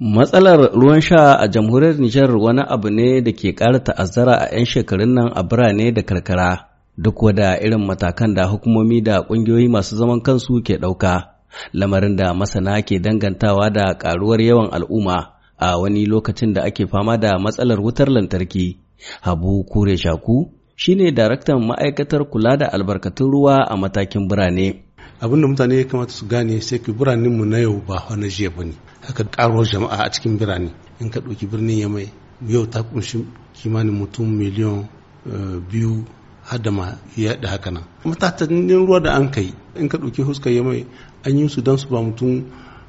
Matsalar ruwan sha a jamhuriyar Nijar wani abu ne da ke ƙara ta'azzara a 'yan shekarun nan a birane da karkara, duk wada irin matakan da hukumomi da ƙungiyoyi masu zaman kansu ke ɗauka, lamarin da masana ke dangantawa da ƙaruwar yawan al'umma a wani lokacin da ake fama da matsalar wutar lantarki. Habu Kure Shaku shine daraktan ma'aikatar kula da albarkatun ruwa a matakin birane. abin da mutane ya kamata su gane sai birane mu na yau ba wani jiya ba ne haka karo jama'a a cikin birane in ka ɗauki birnin ya mai yau ta kunshi kimanin mutum miliyan eh, biyu har da ma ya da haka nan matatanin ruwa da an kai in ka ɗauki huskar ya mai an yi su don su ba mutum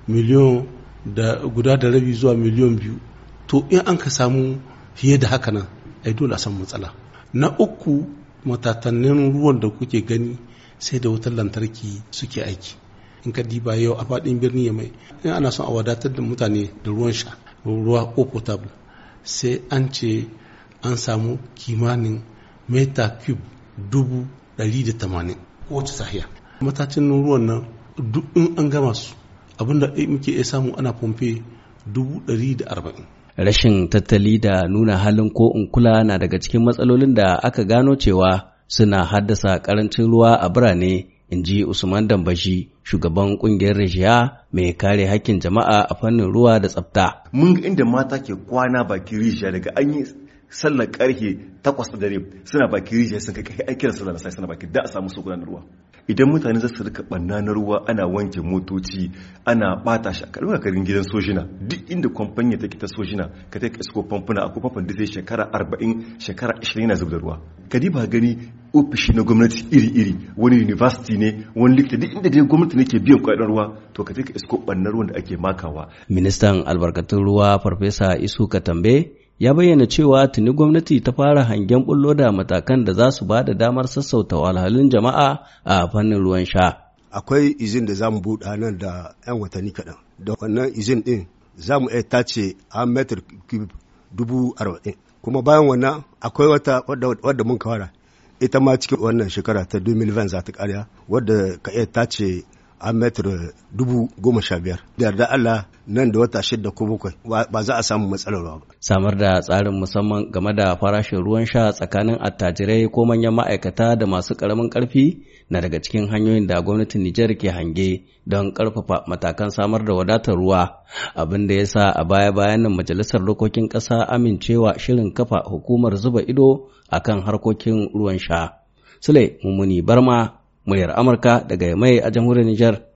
miliyan da guda da rabi zuwa miliyan biyu to in an ka samu fiye da haka nan ai dole a samu matsala na uku matatanin ruwan da kuke gani sai da wutar lantarki suke aiki in ka diba yau a faɗin birni ya mai in ana son a wadatar da mutane da ruwan sha ruwa ko potable sai an ce an samu kimanin meta cube dubu ɗari da tamanin kowace sahiya matacin ruwan nan duk in an gama su abinda muke iya samu ana pompe dubu ɗari da arba'in rashin tattali da nuna halin ko in kula na daga cikin matsalolin da aka gano cewa suna haddasa karancin ruwa a birane in ji Usman Dambashi shugaban kungiyar rashiya mai kare hakkin jama'a a fannin ruwa da tsafta. Mun ga inda mata ke kwana baki Rishiya daga an yi sallar karhe takwas da dare suna baki Rishiya sun kai aikin sallar sai suna baki da a samu su ruwa. Idan mutane za su rika banna na ruwa ana wanke motoci ana bata shi a kalmar karin gidan sojina duk inda kwamfanya take ta sojina ka su isko famfuna a kofafan da zai shekara arba'in shekara 20 yana zubda ruwa. Kadi ba gani ofishi na gwamnati iri-iri wani university ne wani likita duk inda dai gwamnati ne ke biyan kwaɗin ruwa to ka ka isko ɓannar ruwan da ake makawa. ministan albarkatun ruwa farfesa isu katambe ya bayyana cewa tuni gwamnati ta fara hangen bullo da matakan da za su ba da damar sassauta walhalin jama'a a fannin ruwan sha. akwai izin da za mu buɗa nan da 'yan watanni kaɗan da wannan izin ɗin za mu iya tace a metar dubu arba'in kuma bayan wannan akwai wata wadda mun kawara ita ma cikin wannan shekara ta 2020 za ta karya wadda ka iya tace a metar dubu goma sha biyar da yarda Allah nan da wata shida ko bakwai ba za a samu matsalar ba. Samar da tsarin musamman game da farashin ruwan sha tsakanin attajirai ko manyan ma'aikata da masu ƙaramin ƙarfi na daga cikin hanyoyin da gwamnatin Nijar ke hange don ƙarfafa matakan samar da wadatar ruwa abin da ya sa a baya bayan nan majalisar dokokin ƙasa amincewa shirin kafa hukumar zuba ido akan harkokin ruwan sha. Sule Mummuni Barma, muryar Amurka daga mai a jamhuriyar Nijar.